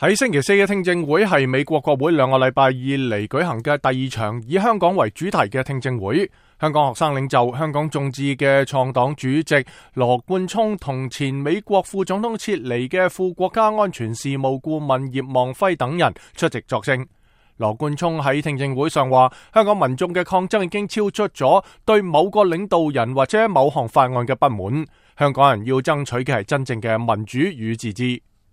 喺星期四嘅聽證會係美國國會兩個禮拜以嚟舉行嘅第二場以香港為主題嘅聽證會。香港學生領袖、香港眾志嘅創黨主席羅冠聰同前美國副總統錢尼嘅副國家安全事務顧問葉望輝等人出席作證。羅冠聰喺聽證會上話：香港民眾嘅抗爭已經超出咗對某個領導人或者某項法案嘅不滿。香港人要爭取嘅係真正嘅民主與自治。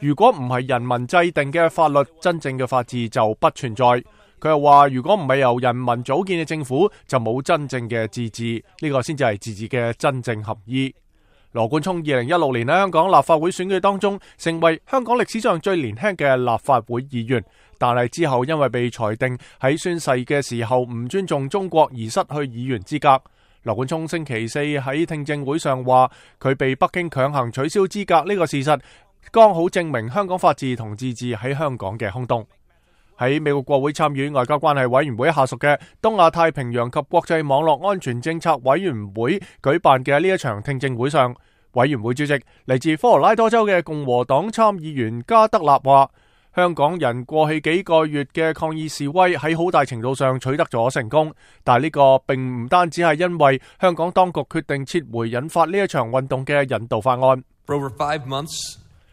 如果唔係人民制定嘅法律，真正嘅法治就不存在。佢又話：如果唔係由人民組建嘅政府，就冇真正嘅自治。呢個先至係自治嘅真正合意。羅冠聰二零一六年喺香港立法會選舉當中，成為香港歷史上最年輕嘅立法會議員。但係之後因為被裁定喺宣誓嘅時候唔尊重中國而失去議員資格。羅冠聰星期四喺聽證會上話：佢被北京強行取消資格呢個事實。剛好證明香港法治同自治喺香港嘅空洞。喺美國國會參院外交關係委員會下屬嘅東亞太平洋及國際網絡安全政策委員會舉辦嘅呢一場聽證會上，委員會主席嚟自科羅拉多州嘅共和黨參議員加德納話：香港人過去幾個月嘅抗議示威喺好大程度上取得咗成功，但係呢個並唔單止係因為香港當局決定撤回引發呢一場運動嘅引渡法案。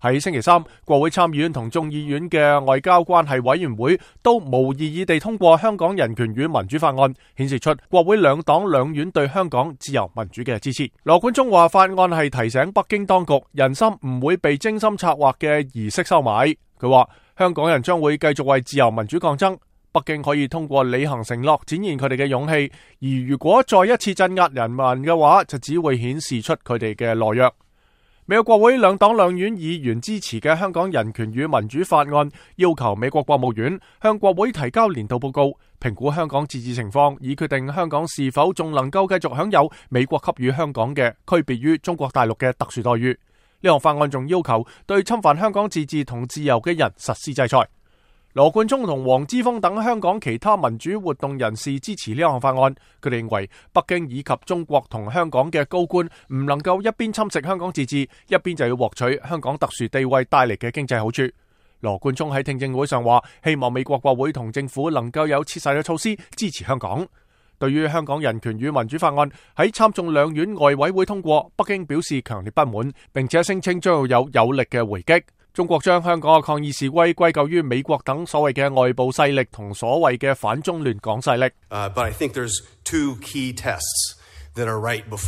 喺星期三，國會參院同眾議院嘅外交關係委員會都無異議地通過香港人權與民主法案，顯示出國會兩黨兩院對香港自由民主嘅支持。羅冠聰話：法案係提醒北京當局，人心唔會被精心策劃嘅儀式收買。佢話，香港人將會繼續為自由民主抗爭，北京可以通過履行承諾展現佢哋嘅勇氣，而如果再一次鎮壓人民嘅話，就只會顯示出佢哋嘅懦弱。美國國會兩黨兩院議員支持嘅香港人權與民主法案，要求美國國務院向國會提交年度報告，評估香港自治情況，以決定香港是否仲能夠繼續享有美國給予香港嘅區別於中國大陸嘅特殊待遇。呢項法案仲要求對侵犯香港自治同自由嘅人實施制裁。羅冠聰同黃之鋒等香港其他民主活動人士支持呢項法案，佢哋認為北京以及中國同香港嘅高官唔能夠一邊侵蝕香港自治，一邊就要獲取香港特殊地位帶嚟嘅經濟好處。羅冠聰喺聽證會上話，希望美國國會同政府能夠有切實嘅措施支持香港。對於香港人權與民主法案喺參眾兩院外委會通過，北京表示強烈不滿，並且聲稱將要有有力嘅回擊。中國將香港嘅抗議示威歸咎於美國等所謂嘅外部勢力同所謂嘅反中亂港勢力。但係，我諗有兩件事係我哋要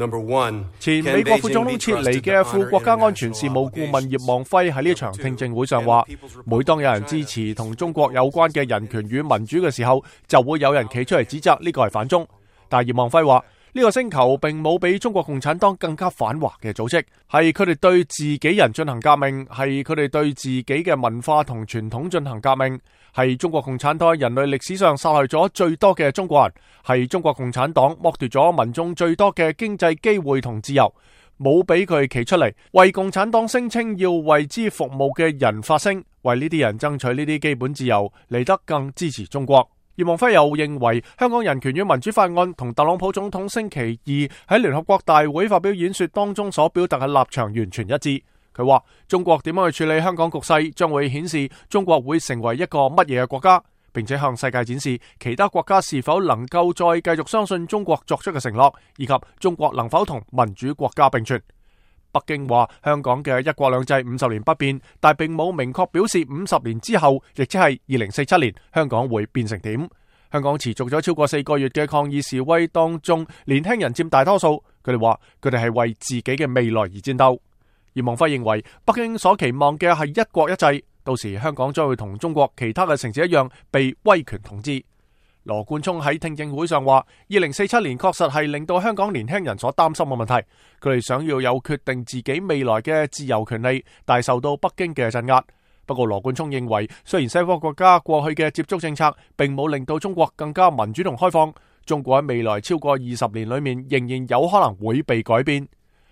面對嘅。第一，前美國副總統切尼嘅副國家安全事務顧問葉望輝喺呢場聽證會上話，每當有人支持同中國有關嘅人權與民主嘅時候，就會有人企出嚟指責呢個係反中。但葉望輝話。呢個星球並冇比中國共產黨更加反華嘅組織，係佢哋對自己人進行革命，係佢哋對自己嘅文化同傳統進行革命，係中國共產黨人類歷史上殺害咗最多嘅中國人，係中國共產黨剝奪咗民眾最多嘅經濟機會同自由，冇俾佢企出嚟為共產黨聲稱要為之服務嘅人發聲，為呢啲人爭取呢啲基本自由，嚟得更支持中國。葉望輝又認為，香港人權與民主法案同特朗普總統星期二喺聯合國大會發表演說當中所表達嘅立場完全一致。佢話中國點樣去處理香港局勢，將會顯示中國會成為一個乜嘢嘅國家，並且向世界展示其他國家是否能夠再繼續相信中國作出嘅承諾，以及中國能否同民主國家並存。北京話香港嘅一國兩制五十年不變，但並冇明確表示五十年之後，亦即係二零四七年，香港會變成點？香港持續咗超過四個月嘅抗議示威當中，年輕人佔大多數。佢哋話佢哋係為自己嘅未來而戰鬥。而葉望輝認為，北京所期望嘅係一國一制，到時香港將會同中國其他嘅城市一樣被威權統治。羅冠聰喺聽證會上話，二零四七年確實係令到香港年輕人所擔心嘅問題。佢哋想要有決定自己未來嘅自由權利，但受到北京嘅鎮壓。不過，羅冠聰認為，雖然西方國家過去嘅接觸政策並冇令到中國更加民主同開放，中國喺未來超過二十年裡面仍然有可能會被改變。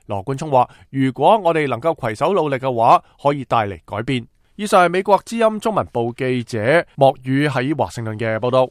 羅冠聰話，如果我哋能夠携手努力嘅話，可以帶嚟改變。以上係美國之音中文部記者莫宇喺華盛頓嘅報道。